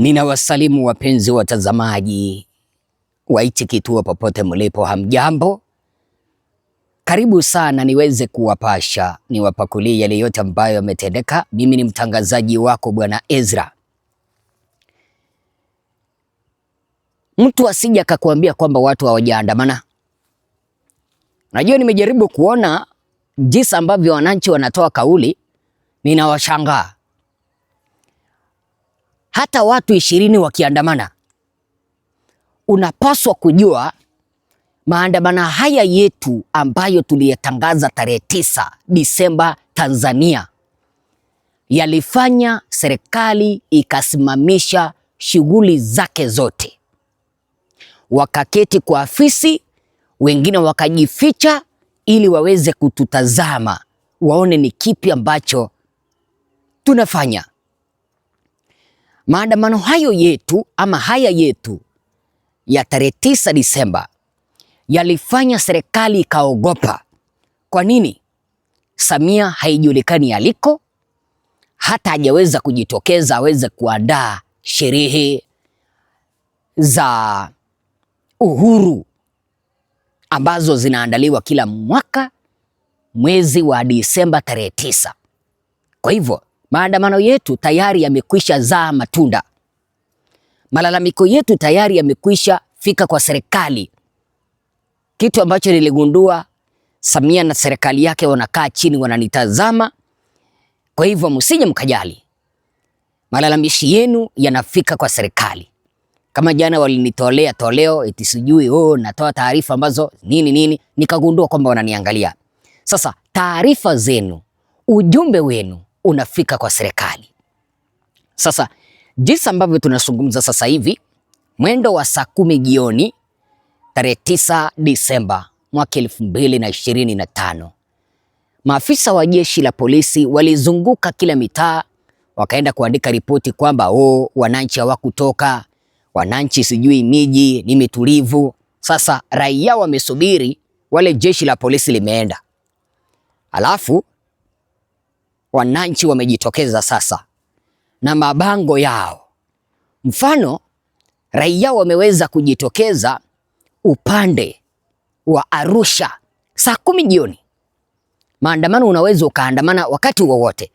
Ninawasalimu wapenzi watazamaji wa kituo popote mlipo, hamjambo? Karibu sana niweze kuwapasha, niwapakulie yale yote ambayo yametendeka. Mimi ni mtangazaji wako Bwana Ezra. Mtu asija akakuambia kwamba watu hawajaandamana. Najua nimejaribu kuona jinsi ambavyo wananchi wanatoa kauli, ninawashangaa hata watu ishirini wakiandamana, unapaswa kujua maandamano haya yetu ambayo tuliyatangaza tarehe tisa Disemba Tanzania yalifanya serikali ikasimamisha shughuli zake zote, wakaketi kwa afisi, wengine wakajificha ili waweze kututazama waone ni kipi ambacho tunafanya. Maandamano hayo yetu ama haya yetu ya tarehe tisa Disemba yalifanya serikali ikaogopa. Kwa nini? Samia haijulikani aliko, hata hajaweza kujitokeza aweze kuandaa sherehe za uhuru ambazo zinaandaliwa kila mwaka mwezi wa Disemba tarehe tisa. Kwa hivyo Maandamano yetu tayari yamekwisha zaa matunda. Malalamiko yetu tayari yamekwisha fika kwa serikali. Kitu ambacho niligundua, Samia na serikali yake wanakaa chini wananitazama. Kwa hivyo msije mkajali, malalamishi yenu yanafika kwa serikali. Kama jana walinitolea toleo eti sijui oh, natoa taarifa ambazo nini nini, nikagundua kwamba wananiangalia. Sasa taarifa zenu, ujumbe wenu unafika kwa serikali. Sasa jinsi ambavyo tunazungumza sasa hivi, mwendo wa saa kumi jioni tarehe 9 Disemba mwaka 2025 maafisa wa jeshi la polisi walizunguka kila mitaa, wakaenda kuandika ripoti kwamba o, oh, wananchi hawakutoka, wananchi sijui miji ni mitulivu. Sasa raia wamesubiri, wale jeshi la polisi limeenda, alafu wananchi wamejitokeza sasa na mabango yao. Mfano, raia wameweza kujitokeza upande wa Arusha saa kumi jioni. Maandamano unaweza ukaandamana wakati wowote,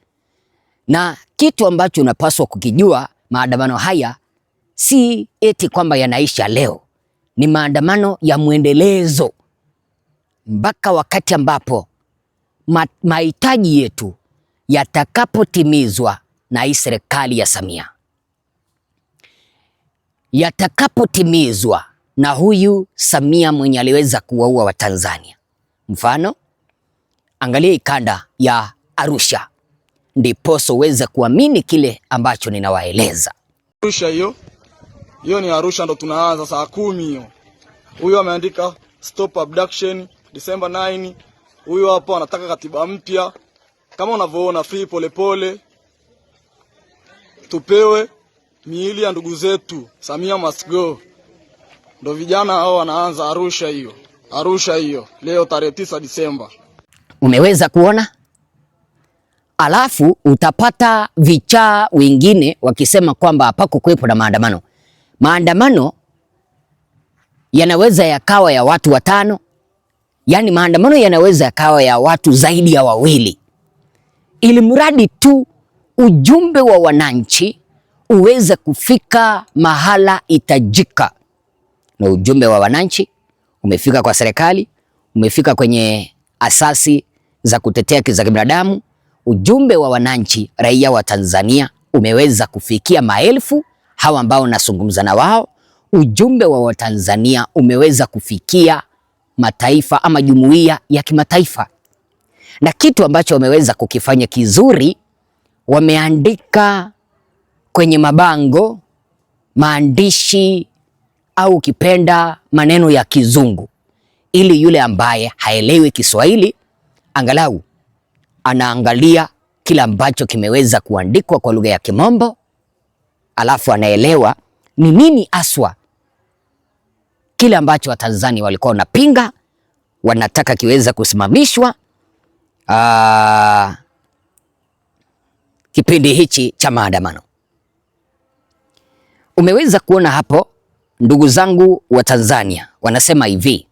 na kitu ambacho unapaswa kukijua, maandamano haya si eti kwamba yanaisha leo, ni maandamano ya mwendelezo mpaka wakati ambapo mahitaji yetu yatakapotimizwa na hii serikali ya Samia, yatakapotimizwa na huyu Samia mwenye aliweza kuwaua Watanzania. Mfano, angalia ikanda ya Arusha, ndiposo uweze kuamini kile ambacho ninawaeleza. Arusha hiyo hiyo ni Arusha, ndo tunaanza saa kumi hiyo. Huyu ameandika stop abduction December 9. Huyu hapo anataka katiba mpya. Kama unavyoona free polepole tupewe miili ya ndugu zetu. Samia must go. Ndo vijana hao wanaanza Arusha hiyo, Arusha hiyo leo tarehe tisa Disemba. Umeweza kuona, alafu utapata vichaa wengine wakisema kwamba kuwepo na maandamano. Maandamano yanaweza yakawa ya watu watano, yaani maandamano yanaweza yakawa ya watu zaidi ya wawili ili mradi tu ujumbe wa wananchi uweze kufika mahala itajika. Na ujumbe wa wananchi umefika kwa serikali, umefika kwenye asasi za kutetea haki za kibinadamu. Ujumbe wa wananchi, raia wa Tanzania umeweza kufikia maelfu hawa ambao nazungumza na wao. Ujumbe wa Watanzania umeweza kufikia mataifa ama jumuiya ya kimataifa na kitu ambacho wameweza kukifanya kizuri, wameandika kwenye mabango maandishi au ukipenda maneno ya kizungu, ili yule ambaye haelewi Kiswahili angalau anaangalia kila ambacho kimeweza kuandikwa kwa lugha ya Kimombo, alafu anaelewa ni nini aswa kile ambacho Watanzania walikuwa wanapinga, wanataka kiweza kusimamishwa aa, ah, kipindi hichi cha maandamano. Umeweza kuona hapo, ndugu zangu wa Tanzania wanasema hivi,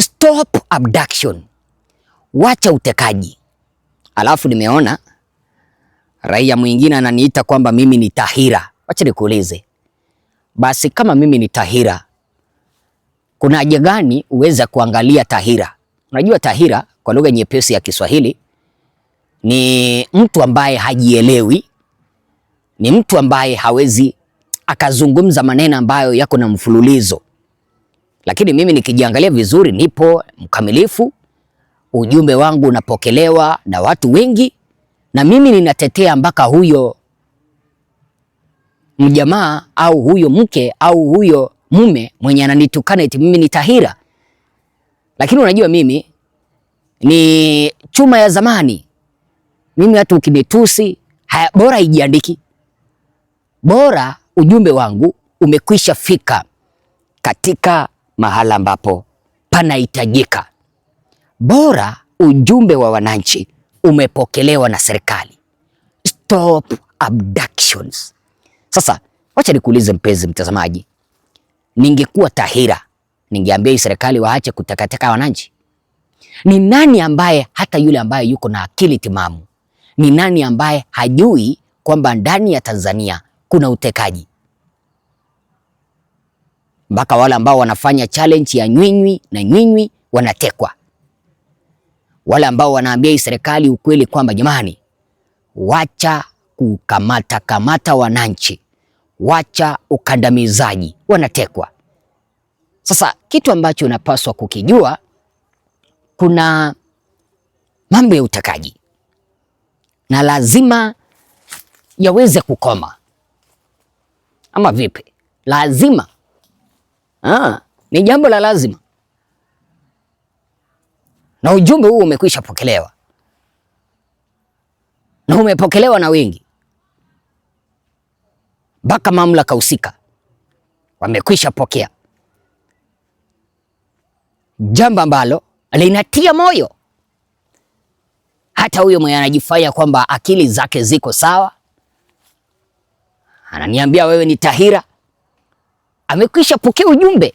stop abduction, wacha utekaji. Alafu nimeona raia mwingine ananiita kwamba mimi ni Tahira. Wacha nikuulize basi, kama mimi ni Tahira, kuna haja gani uweza kuangalia Tahira? Unajua Tahira kwa lugha nyepesi ya Kiswahili ni mtu ambaye hajielewi, ni mtu ambaye hawezi akazungumza maneno ambayo yako na mfululizo. Lakini mimi nikijiangalia vizuri, nipo mkamilifu, ujumbe wangu unapokelewa na watu wengi, na mimi ninatetea mpaka huyo mjamaa au huyo mke au huyo mume mwenye ananitukana eti mimi ni tahira. Lakini unajua mimi ni chuma ya zamani. Mimi hata ukinitusi haya, bora ijiandiki, bora ujumbe wangu umekwisha fika katika mahala ambapo panahitajika, bora ujumbe wa wananchi umepokelewa na serikali. Stop abductions. Sasa wacha nikuulize mpenzi mtazamaji, ningekuwa TAHIRA ningeambia hii serikali waache kutakataka wananchi? Ni nani ambaye hata yule ambaye yuko na akili timamu, ni nani ambaye hajui kwamba ndani ya Tanzania kuna utekaji? Mpaka wale ambao wanafanya challenge ya nywinywi na nywinywi wanatekwa, wale ambao wanaambia hii serikali ukweli kwamba jamani, wacha kukamata kamata wananchi, wacha ukandamizaji, wanatekwa. Sasa kitu ambacho unapaswa kukijua kuna mambo ya utekaji na lazima yaweze kukoma, ama vipi? Lazima aa, ni jambo la lazima, na ujumbe huu umekwisha pokelewa na umepokelewa na wengi mpaka mamlaka husika wamekwisha pokea jambo ambalo linatia moyo. Hata huyo mwenye anajifanya kwamba akili zake ziko sawa, ananiambia wewe ni tahira, amekwisha pokea ujumbe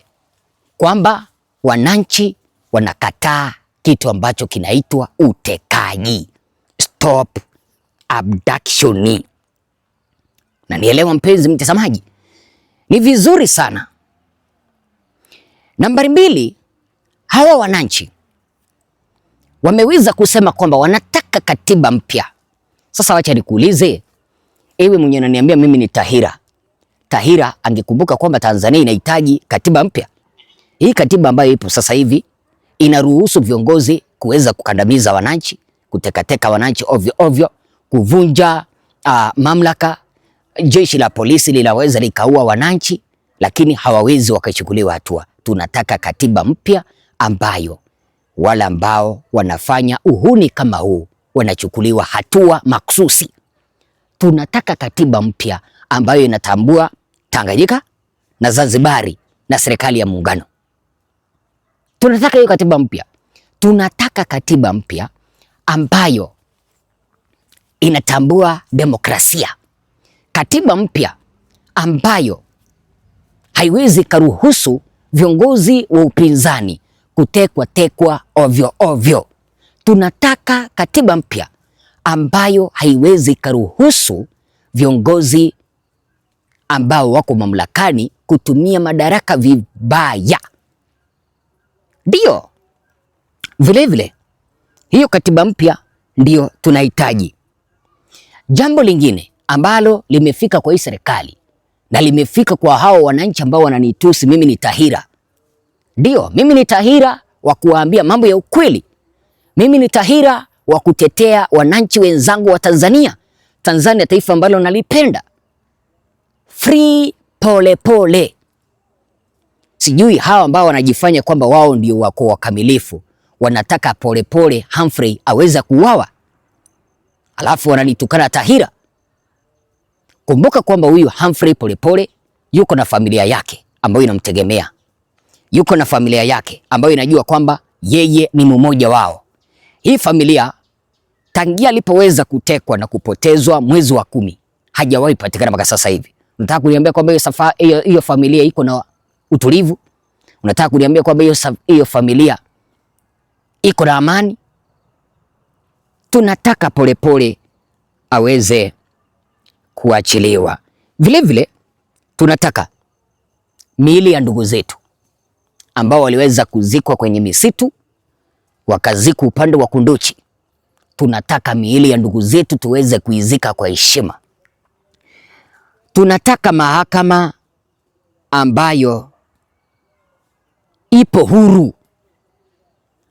kwamba wananchi wanakataa kitu ambacho kinaitwa utekaji, stop abduction. Na nielewa mpenzi mtazamaji, ni vizuri sana. Nambari mbili, hawa wananchi wameweza kusema kwamba wanataka katiba mpya. Sasa wacha nikuulize ewe mwenye unaniambia mimi ni Tahira, Tahira angekumbuka kwamba Tanzania inahitaji katiba mpya. Hii katiba ambayo ipo sasa hivi inaruhusu viongozi kuweza kukandamiza wananchi, kutekateka wananchi ovyo ovyo, kuvunja uh, mamlaka. Jeshi la polisi linaweza likaua wananchi, lakini hawawezi wakachukuliwa hatua. Tunataka katiba mpya ambayo wala ambao wanafanya uhuni kama huu wanachukuliwa hatua maksusi. Tunataka katiba mpya ambayo inatambua Tanganyika na Zanzibari na serikali ya muungano. Tunataka hiyo katiba mpya. Tunataka katiba mpya ambayo inatambua demokrasia, katiba mpya ambayo haiwezi karuhusu viongozi wa upinzani kutekwa tekwa ovyo ovyo. Tunataka katiba mpya ambayo haiwezi karuhusu viongozi ambao wako mamlakani kutumia madaraka vibaya. Ndiyo, vilevile hiyo katiba mpya ndio tunahitaji. Jambo lingine ambalo limefika kwa hii serikali na limefika kwa hao wananchi ambao wananitusi mimi ni Tahira, ndio, mimi ni tahira wa kuwaambia mambo ya ukweli. Mimi ni tahira wa kutetea wananchi wenzangu wa Tanzania, Tanzania taifa ambalo nalipenda. Free Pole Pole, sijui hawa ambao wanajifanya kwamba wao ndio wako wakamilifu, wanataka Polepole Humphrey aweza kuuawa, alafu wananitukana tahira. Kumbuka kwamba huyu Humphrey Polepole yuko na familia yake ambayo inamtegemea yuko na familia yake ambayo inajua kwamba yeye ni mmoja wao. Hii familia tangia alipoweza kutekwa na kupotezwa mwezi wa kumi hajawahi patikana mpaka sasa hivi. Unataka kuniambia kwamba hiyo hiyo familia iko na utulivu? Unataka kuniambia kwamba hiyo hiyo familia iko na amani? Tunataka polepole pole aweze kuachiliwa. Vilevile tunataka miili ya ndugu zetu ambao waliweza kuzikwa kwenye misitu wakazikwa upande wa Kunduchi. Tunataka miili ya ndugu zetu tuweze kuizika kwa heshima. Tunataka mahakama ambayo ipo huru,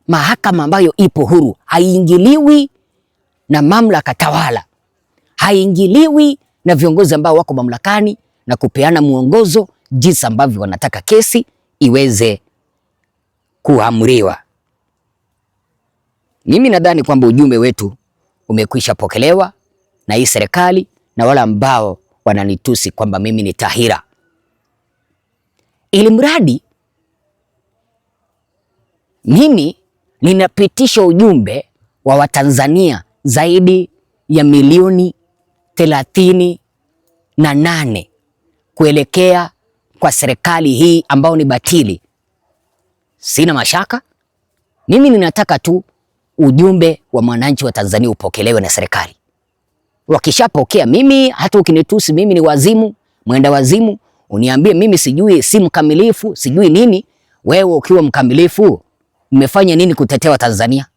mahakama ambayo ipo huru, haiingiliwi na mamlaka tawala, haiingiliwi na viongozi ambao wako mamlakani na kupeana mwongozo jinsi ambavyo wanataka kesi iweze kuamriwa. Mimi nadhani kwamba ujumbe wetu umekwisha pokelewa na hii serikali na wale ambao wananitusi kwamba mimi ni tahira, ili mradi mimi ninapitisha ujumbe wa Watanzania zaidi ya milioni thelathini na nane kuelekea kwa serikali hii ambao ni batili sina mashaka. Mimi ninataka tu ujumbe wa mwananchi wa Tanzania upokelewe na serikali. Wakishapokea mimi, hata ukinitusi mimi ni wazimu, mwenda wazimu, uniambie mimi sijui, si mkamilifu, sijui nini, wewe ukiwa mkamilifu umefanya nini kutetea Tanzania?